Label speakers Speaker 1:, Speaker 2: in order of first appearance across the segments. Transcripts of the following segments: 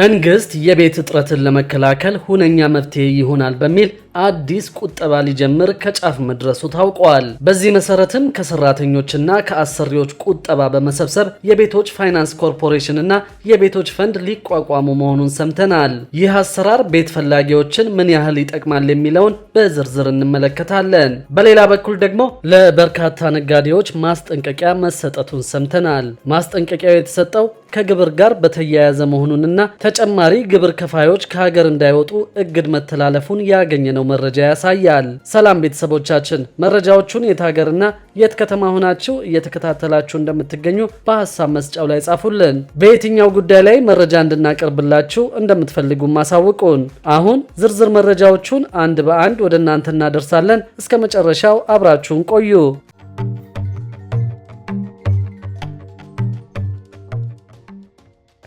Speaker 1: መንግስት የቤት እጥረትን ለመከላከል ሁነኛ መፍትሄ ይሆናል በሚል አዲስ ቁጠባ ሊጀምር ከጫፍ መድረሱ ታውቋል። በዚህ መሰረትም ከሰራተኞችና ከአሰሪዎች ቁጠባ በመሰብሰብ የቤቶች ፋይናንስ ኮርፖሬሽን እና የቤቶች ፈንድ ሊቋቋሙ መሆኑን ሰምተናል። ይህ አሰራር ቤት ፈላጊዎችን ምን ያህል ይጠቅማል የሚለውን በዝርዝር እንመለከታለን። በሌላ በኩል ደግሞ ለበርካታ ነጋዴዎች ማስጠንቀቂያ መሰጠቱን ሰምተናል። ማስጠንቀቂያው የተሰጠው ከግብር ጋር በተያያዘ መሆኑንና ተጨማሪ ግብር ከፋዮች ከሀገር እንዳይወጡ እግድ መተላለፉን ያገኘ ነው ያገኘው መረጃ ያሳያል። ሰላም ቤተሰቦቻችን፣ መረጃዎቹን የት ሀገርና የት ከተማ ሆናችሁ እየተከታተላችሁ እንደምትገኙ በሀሳብ መስጫው ላይ ጻፉልን። በየትኛው ጉዳይ ላይ መረጃ እንድናቀርብላችሁ እንደምትፈልጉ ማሳውቁን። አሁን ዝርዝር መረጃዎቹን አንድ በአንድ ወደ እናንተ እናደርሳለን። እስከ መጨረሻው አብራችሁን ቆዩ።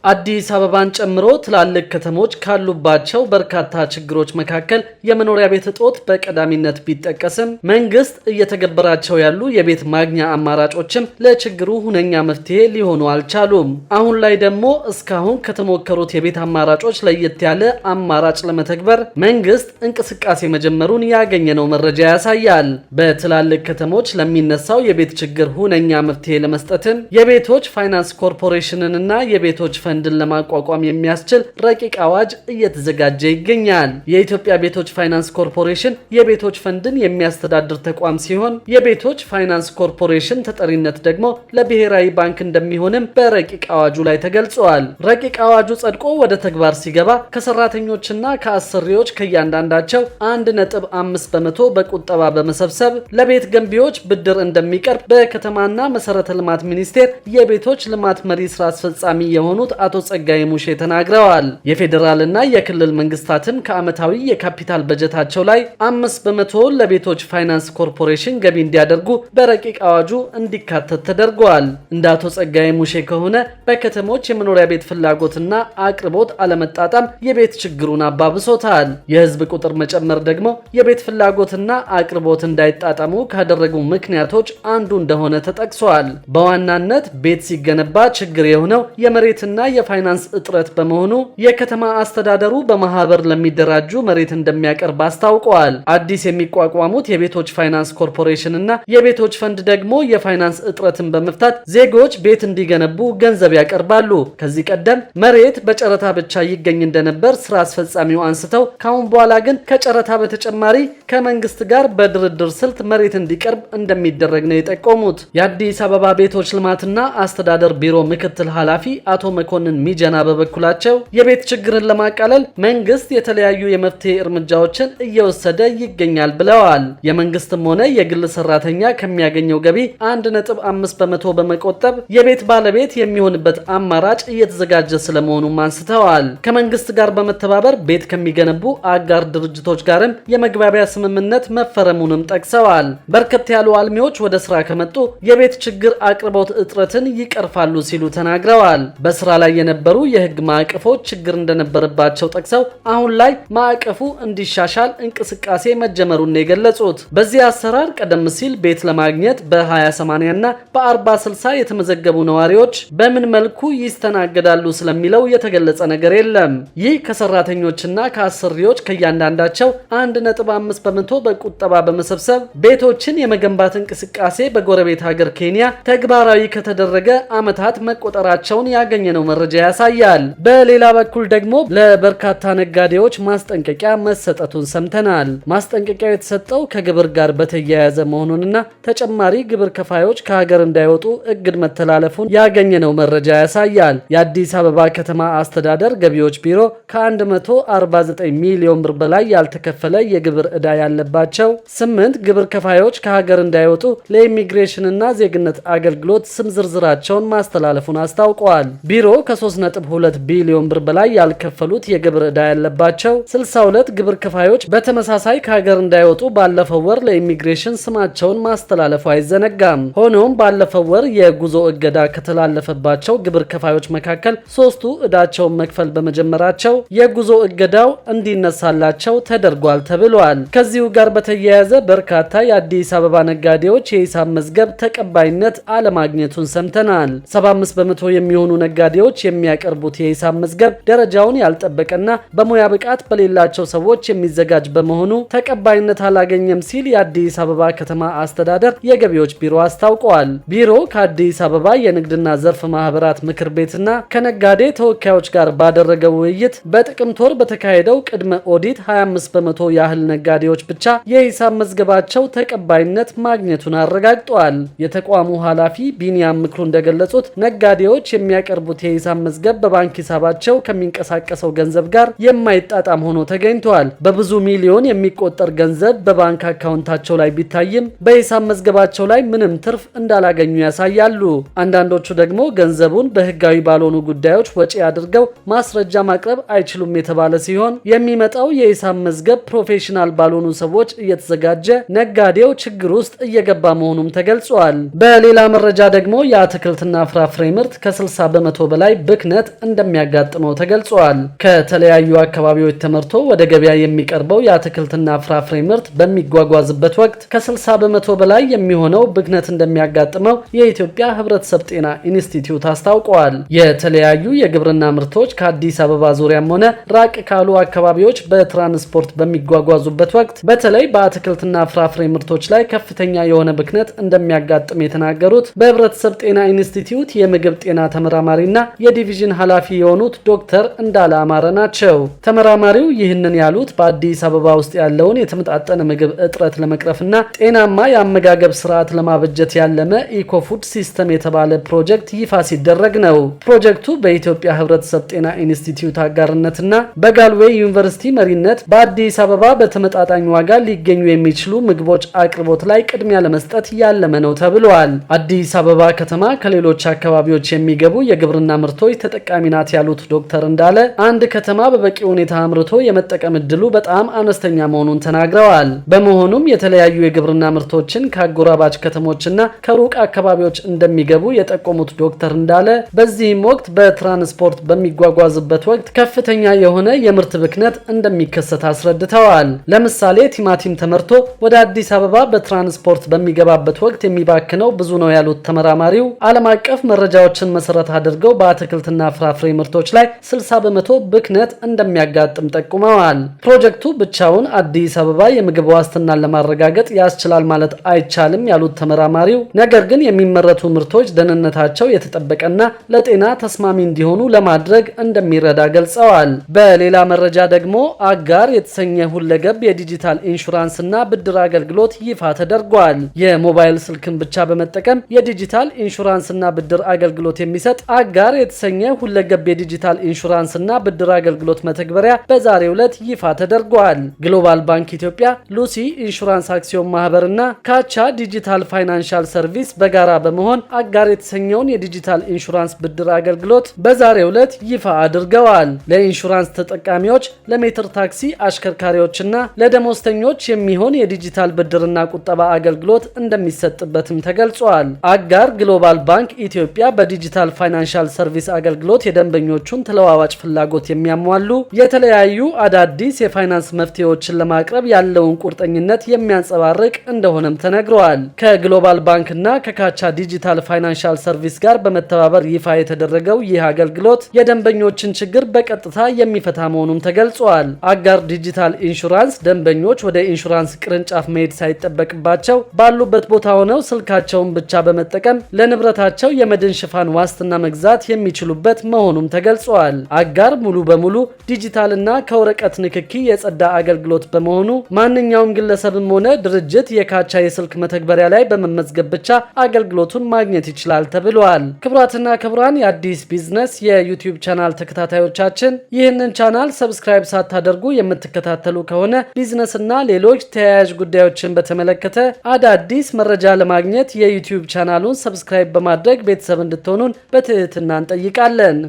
Speaker 1: አዲስ አበባን ጨምሮ ትላልቅ ከተሞች ካሉባቸው በርካታ ችግሮች መካከል የመኖሪያ ቤት እጦት በቀዳሚነት ቢጠቀስም መንግስት እየተገበራቸው ያሉ የቤት ማግኛ አማራጮችም ለችግሩ ሁነኛ መፍትሄ ሊሆኑ አልቻሉም። አሁን ላይ ደግሞ እስካሁን ከተሞከሩት የቤት አማራጮች ለየት ያለ አማራጭ ለመተግበር መንግስት እንቅስቃሴ መጀመሩን ያገኘነው መረጃ ያሳያል። በትላልቅ ከተሞች ለሚነሳው የቤት ችግር ሁነኛ መፍትሄ ለመስጠትም የቤቶች ፋይናንስ ኮርፖሬሽንንና የቤቶች ፈን ፈንድን ለማቋቋም የሚያስችል ረቂቅ አዋጅ እየተዘጋጀ ይገኛል። የኢትዮጵያ ቤቶች ፋይናንስ ኮርፖሬሽን የቤቶች ፈንድን የሚያስተዳድር ተቋም ሲሆን የቤቶች ፋይናንስ ኮርፖሬሽን ተጠሪነት ደግሞ ለብሔራዊ ባንክ እንደሚሆንም በረቂቅ አዋጁ ላይ ተገልጿል። ረቂቅ አዋጁ ጸድቆ ወደ ተግባር ሲገባ ከሰራተኞችና ከአሰሪዎች ከእያንዳንዳቸው አንድ ነጥብ አምስት በመቶ በቁጠባ በመሰብሰብ ለቤት ገንቢዎች ብድር እንደሚቀርብ በከተማና መሰረተ ልማት ሚኒስቴር የቤቶች ልማት መሪ ስራ አስፈጻሚ የሆኑት አቶ ጸጋዬ ሙሼ ተናግረዋል። የፌዴራልና የክልል መንግስታትም ከዓመታዊ የካፒታል በጀታቸው ላይ አምስት በመቶ ለቤቶች ፋይናንስ ኮርፖሬሽን ገቢ እንዲያደርጉ በረቂቅ አዋጁ እንዲካተት ተደርገዋል። እንደ አቶ ጸጋዬ ሙሼ ከሆነ በከተሞች የመኖሪያ ቤት ፍላጎትና አቅርቦት አለመጣጣም የቤት ችግሩን አባብሶታል። የህዝብ ቁጥር መጨመር ደግሞ የቤት ፍላጎትና አቅርቦት እንዳይጣጣሙ ካደረጉ ምክንያቶች አንዱ እንደሆነ ተጠቅሷል። በዋናነት ቤት ሲገነባ ችግር የሆነው የመሬትና የፋይናንስ እጥረት በመሆኑ የከተማ አስተዳደሩ በማህበር ለሚደራጁ መሬት እንደሚያቀርብ አስታውቀዋል። አዲስ የሚቋቋሙት የቤቶች ፋይናንስ ኮርፖሬሽን የቤቶች ፈንድ ደግሞ የፋይናንስ እጥረትን በመፍታት ዜጎች ቤት እንዲገነቡ ገንዘብ ያቀርባሉ። ከዚህ ቀደም መሬት በጨረታ ብቻ ይገኝ እንደነበር ስራ አስፈጻሚው አንስተው ካሁን በኋላ ግን ከጨረታ በተጨማሪ ከመንግስት ጋር በድርድር ስልት መሬት እንዲቀርብ እንደሚደረግ ነው የጠቆሙት። የአዲስ አበባ ቤቶች ልማትና አስተዳደር ቢሮ ምክትል ኃላፊ አቶ መኮንን መኮንን ሚጀና በበኩላቸው የቤት ችግርን ለማቃለል መንግስት የተለያዩ የመፍትሄ እርምጃዎችን እየወሰደ ይገኛል ብለዋል። የመንግስትም ሆነ የግል ሰራተኛ ከሚያገኘው ገቢ 1.5 በመቶ በመቆጠብ የቤት ባለቤት የሚሆንበት አማራጭ እየተዘጋጀ ስለመሆኑም አንስተዋል። ከመንግስት ጋር በመተባበር ቤት ከሚገነቡ አጋር ድርጅቶች ጋርም የመግባቢያ ስምምነት መፈረሙንም ጠቅሰዋል። በርከት ያሉ አልሚዎች ወደ ስራ ከመጡ የቤት ችግር አቅርቦት እጥረትን ይቀርፋሉ ሲሉ ተናግረዋል። በስራ ላይ ላይ የነበሩ የህግ ማዕቀፎች ችግር እንደነበረባቸው ጠቅሰው አሁን ላይ ማዕቀፉ እንዲሻሻል እንቅስቃሴ መጀመሩን የገለጹት በዚህ አሰራር ቀደም ሲል ቤት ለማግኘት በ20/80 እና በ40/60 የተመዘገቡ ነዋሪዎች በምን መልኩ ይስተናገዳሉ ስለሚለው የተገለጸ ነገር የለም። ይህ ከሰራተኞችና ከአሰሪዎች ከእያንዳንዳቸው 1.5 በመቶ በቁጠባ በመሰብሰብ ቤቶችን የመገንባት እንቅስቃሴ በጎረቤት ሀገር ኬንያ ተግባራዊ ከተደረገ ዓመታት መቆጠራቸውን ያገኘ ነው መረጃ ያሳያል። በሌላ በኩል ደግሞ ለበርካታ ነጋዴዎች ማስጠንቀቂያ መሰጠቱን ሰምተናል። ማስጠንቀቂያው የተሰጠው ከግብር ጋር በተያያዘ መሆኑንና ተጨማሪ ግብር ከፋዮች ከሀገር እንዳይወጡ እግድ መተላለፉን ያገኘነው መረጃ ያሳያል። የአዲስ አበባ ከተማ አስተዳደር ገቢዎች ቢሮ ከ149 ሚሊዮን ብር በላይ ያልተከፈለ የግብር ዕዳ ያለባቸው ስምንት ግብር ከፋዮች ከሀገር እንዳይወጡ ለኢሚግሬሽንና ዜግነት አገልግሎት ስም ዝርዝራቸውን ማስተላለፉን አስታውቋል። ቢሮ ከ3.2 ቢሊዮን ብር በላይ ያልከፈሉት የግብር ዕዳ ያለባቸው 62 ግብር ከፋዮች በተመሳሳይ ከሀገር እንዳይወጡ ባለፈው ወር ለኢሚግሬሽን ስማቸውን ማስተላለፉ አይዘነጋም። ሆኖም ባለፈው ወር የጉዞ እገዳ ከተላለፈባቸው ግብር ከፋዮች መካከል ሶስቱ ዕዳቸውን መክፈል በመጀመራቸው የጉዞ እገዳው እንዲነሳላቸው ተደርጓል ተብሏል። ከዚሁ ጋር በተያያዘ በርካታ የአዲስ አበባ ነጋዴዎች የሂሳብ መዝገብ ተቀባይነት አለማግኘቱን ሰምተናል። 75 በመቶ የሚሆኑ ነጋዴዎች ሰዎች የሚያቀርቡት የሂሳብ መዝገብ ደረጃውን ያልጠበቀና በሙያ ብቃት በሌላቸው ሰዎች የሚዘጋጅ በመሆኑ ተቀባይነት አላገኘም ሲል የአዲስ አበባ ከተማ አስተዳደር የገቢዎች ቢሮ አስታውቀዋል። ቢሮ ከአዲስ አበባ የንግድና ዘርፍ ማህበራት ምክር ቤትና ከነጋዴ ተወካዮች ጋር ባደረገው ውይይት በጥቅምት ወር በተካሄደው ቅድመ ኦዲት 25 በመቶ ያህል ነጋዴዎች ብቻ የሂሳብ መዝገባቸው ተቀባይነት ማግኘቱን አረጋግጠዋል። የተቋሙ ኃላፊ ቢኒያም ምክሩ እንደገለጹት ነጋዴዎች የሚያቀርቡት የሂሳብ ሂሳብ መዝገብ በባንክ ሂሳባቸው ከሚንቀሳቀሰው ገንዘብ ጋር የማይጣጣም ሆኖ ተገኝተዋል። በብዙ ሚሊዮን የሚቆጠር ገንዘብ በባንክ አካውንታቸው ላይ ቢታይም በሂሳብ መዝገባቸው ላይ ምንም ትርፍ እንዳላገኙ ያሳያሉ። አንዳንዶቹ ደግሞ ገንዘቡን በህጋዊ ባልሆኑ ጉዳዮች ወጪ አድርገው ማስረጃ ማቅረብ አይችሉም የተባለ ሲሆን የሚመጣው የሂሳብ መዝገብ ፕሮፌሽናል ባልሆኑ ሰዎች እየተዘጋጀ ነጋዴው ችግር ውስጥ እየገባ መሆኑም ተገልጿል። በሌላ መረጃ ደግሞ የአትክልትና ፍራፍሬ ምርት ከ60 በመቶ በላይ ብክነት እንደሚያጋጥመው ተገልጿል። ከተለያዩ አካባቢዎች ተመርቶ ወደ ገበያ የሚቀርበው የአትክልትና ፍራፍሬ ምርት በሚጓጓዝበት ወቅት ከ60 በመቶ በላይ የሚሆነው ብክነት እንደሚያጋጥመው የኢትዮጵያ ሕብረተሰብ ጤና ኢንስቲትዩት አስታውቋል። የተለያዩ የግብርና ምርቶች ከአዲስ አበባ ዙሪያም ሆነ ራቅ ካሉ አካባቢዎች በትራንስፖርት በሚጓጓዙበት ወቅት በተለይ በአትክልትና ፍራፍሬ ምርቶች ላይ ከፍተኛ የሆነ ብክነት እንደሚያጋጥም የተናገሩት በሕብረተሰብ ጤና ኢንስቲትዩት የምግብ ጤና ተመራማሪና የዲቪዥን ኃላፊ የሆኑት ዶክተር እንዳለ አማረ ናቸው። ተመራማሪው ይህንን ያሉት በአዲስ አበባ ውስጥ ያለውን የተመጣጠነ ምግብ እጥረት ለመቅረፍና ጤናማ የአመጋገብ ስርዓት ለማበጀት ያለመ ኢኮፉድ ሲስተም የተባለ ፕሮጀክት ይፋ ሲደረግ ነው። ፕሮጀክቱ በኢትዮጵያ ሕብረተሰብ ጤና ኢንስቲትዩት አጋርነትና በጋልዌይ ዩኒቨርሲቲ መሪነት በአዲስ አበባ በተመጣጣኝ ዋጋ ሊገኙ የሚችሉ ምግቦች አቅርቦት ላይ ቅድሚያ ለመስጠት ያለመ ነው ተብሏል። አዲስ አበባ ከተማ ከሌሎች አካባቢዎች የሚገቡ የግብርና ምርቶች ተጠቃሚ ናት ያሉት ዶክተር እንዳለ አንድ ከተማ በበቂ ሁኔታ አምርቶ የመጠቀም እድሉ በጣም አነስተኛ መሆኑን ተናግረዋል። በመሆኑም የተለያዩ የግብርና ምርቶችን ከአጎራባች ከተሞችና ከሩቅ አካባቢዎች እንደሚገቡ የጠቆሙት ዶክተር እንዳለ በዚህም ወቅት በትራንስፖርት በሚጓጓዝበት ወቅት ከፍተኛ የሆነ የምርት ብክነት እንደሚከሰት አስረድተዋል። ለምሳሌ ቲማቲም ተመርቶ ወደ አዲስ አበባ በትራንስፖርት በሚገባበት ወቅት የሚባክነው ብዙ ነው ያሉት ተመራማሪው ዓለም አቀፍ መረጃዎችን መሰረት አድርገው በ የአትክልትና ፍራፍሬ ምርቶች ላይ 60 በመቶ ብክነት እንደሚያጋጥም ጠቁመዋል። ፕሮጀክቱ ብቻውን አዲስ አበባ የምግብ ዋስትናን ለማረጋገጥ ያስችላል ማለት አይቻልም ያሉት ተመራማሪው፣ ነገር ግን የሚመረቱ ምርቶች ደህንነታቸው የተጠበቀና ለጤና ተስማሚ እንዲሆኑ ለማድረግ እንደሚረዳ ገልጸዋል። በሌላ መረጃ ደግሞ አጋር የተሰኘ ሁለገብ የዲጂታል ኢንሹራንስ እና ብድር አገልግሎት ይፋ ተደርጓል። የሞባይል ስልክን ብቻ በመጠቀም የዲጂታል ኢንሹራንስ እና ብድር አገልግሎት የሚሰጥ አጋር የተሰኘ ሁለገብ የዲጂታል ኢንሹራንስ እና ብድር አገልግሎት መተግበሪያ በዛሬው ዕለት ይፋ ተደርጓል። ግሎባል ባንክ ኢትዮጵያ፣ ሉሲ ኢንሹራንስ አክሲዮን ማህበርና ካቻ ዲጂታል ፋይናንሻል ሰርቪስ በጋራ በመሆን አጋር የተሰኘውን የዲጂታል ኢንሹራንስ ብድር አገልግሎት በዛሬው ዕለት ይፋ አድርገዋል። ለኢንሹራንስ ተጠቃሚዎች፣ ለሜትር ታክሲ አሽከርካሪዎችና ለደሞዝተኞች የሚሆን የዲጂታል ብድርና ቁጠባ አገልግሎት እንደሚሰጥበትም ተገልጿል። አጋር ግሎባል ባንክ ኢትዮጵያ በዲጂታል ፋይናንሻል ሰርቪስ ሰርቪስ አገልግሎት የደንበኞቹን ተለዋዋጭ ፍላጎት የሚያሟሉ የተለያዩ አዳዲስ የፋይናንስ መፍትሄዎችን ለማቅረብ ያለውን ቁርጠኝነት የሚያንጸባርቅ እንደሆነም ተነግረዋል። ከግሎባል ባንክና ከካቻ ዲጂታል ፋይናንሻል ሰርቪስ ጋር በመተባበር ይፋ የተደረገው ይህ አገልግሎት የደንበኞችን ችግር በቀጥታ የሚፈታ መሆኑም ተገልጿል። አጋር ዲጂታል ኢንሹራንስ ደንበኞች ወደ ኢንሹራንስ ቅርንጫፍ መሄድ ሳይጠበቅባቸው ባሉበት ቦታ ሆነው ስልካቸውን ብቻ በመጠቀም ለንብረታቸው የመድን ሽፋን ዋስትና መግዛት የሚ የሚችሉበት መሆኑም ተገልጿል። አጋር ሙሉ በሙሉ ዲጂታልና ከወረቀት ንክኪ የጸዳ አገልግሎት በመሆኑ ማንኛውም ግለሰብም ሆነ ድርጅት የካቻ የስልክ መተግበሪያ ላይ በመመዝገብ ብቻ አገልግሎቱን ማግኘት ይችላል ተብሏል። ክቡራትና ክቡራን የአዲስ ቢዝነስ የዩቲዩብ ቻናል ተከታታዮቻችን ይህንን ቻናል ሰብስክራይብ ሳታደርጉ የምትከታተሉ ከሆነ ቢዝነስና ሌሎች ተያያዥ ጉዳዮችን በተመለከተ አዳዲስ መረጃ ለማግኘት የዩቲዩብ ቻናሉን ሰብስክራይብ በማድረግ ቤተሰብ እንድትሆኑን በትህትና እንጠይቃለን።